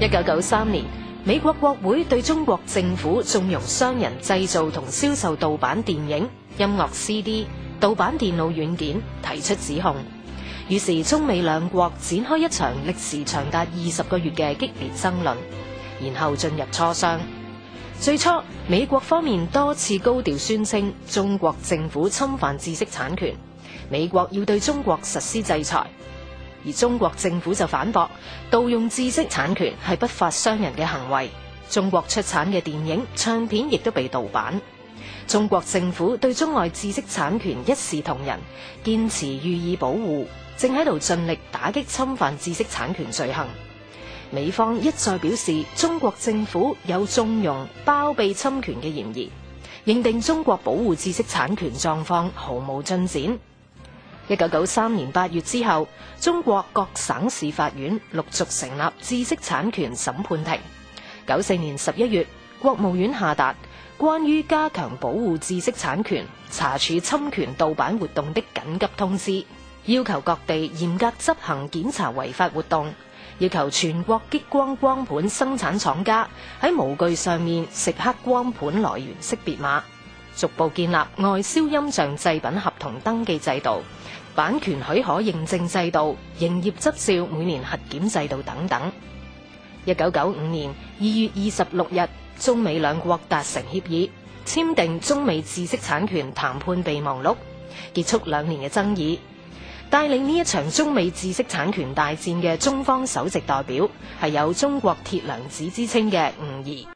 一九九三年，美國國會對中國政府縱容商人製造同銷售盜版電影、音樂 CD、盜版電腦軟件提出指控，於是中美兩國展開一場歷時長達二十個月嘅激烈爭論，然後進入磋商。最初，美國方面多次高調宣稱中國政府侵犯知識產權，美國要對中國實施制裁。而中國政府就反駁盜用知識產權係不法商人嘅行為，中國出產嘅電影、唱片亦都被盜版。中國政府對中外知識產權一視同仁，堅持予以保護，正喺度盡力打擊侵犯知識產權罪行。美方一再表示，中國政府有縱容包庇侵權嘅嫌疑，認定中國保護知識產權狀況毫無進展。一九九三年八月之後，中國各省市法院陸續成立知識產權審判庭。九四年十一月，國務院下達關於加強保護知識產權、查處侵權盜版活動的緊急通知，要求各地嚴格執行檢查違法活動，要求全國激光光盤生產廠家喺模具上面蝕刻光盤來源識別碼。逐步建立外銷音像製品合同登記制度、版權許可認證制度、營業執照每年核檢制度等等。一九九五年二月二十六日，中美兩國達成協議，簽訂《中美知識產權談判備忘錄》，結束兩年嘅爭議。帶領呢一場中美知識產權大戰嘅中方首席代表，係有中國鐵娘子之稱嘅吳儀。